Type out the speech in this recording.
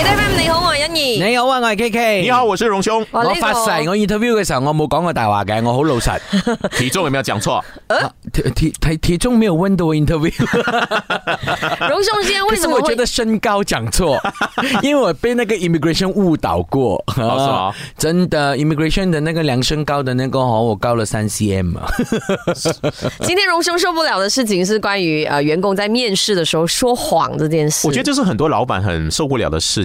你好，我係欣怡。你好啊，我係 K K。你好，我是榮兄。我發誓我 interview 嘅時候，我冇講過大話嘅，我好老實。體重有沒有講錯、啊？體體體重沒有溫度 interview。榮 兄今天，為什麼我覺得身高講錯？因為我被那個 immigration 誤導過。啊、真的 immigration 的那個量身高的那個，我高了三 cm。 今天榮兄受不了的事情是關於，啊，員工在面試的時候說謊這件事。我覺得就是很多老板很受不了的事。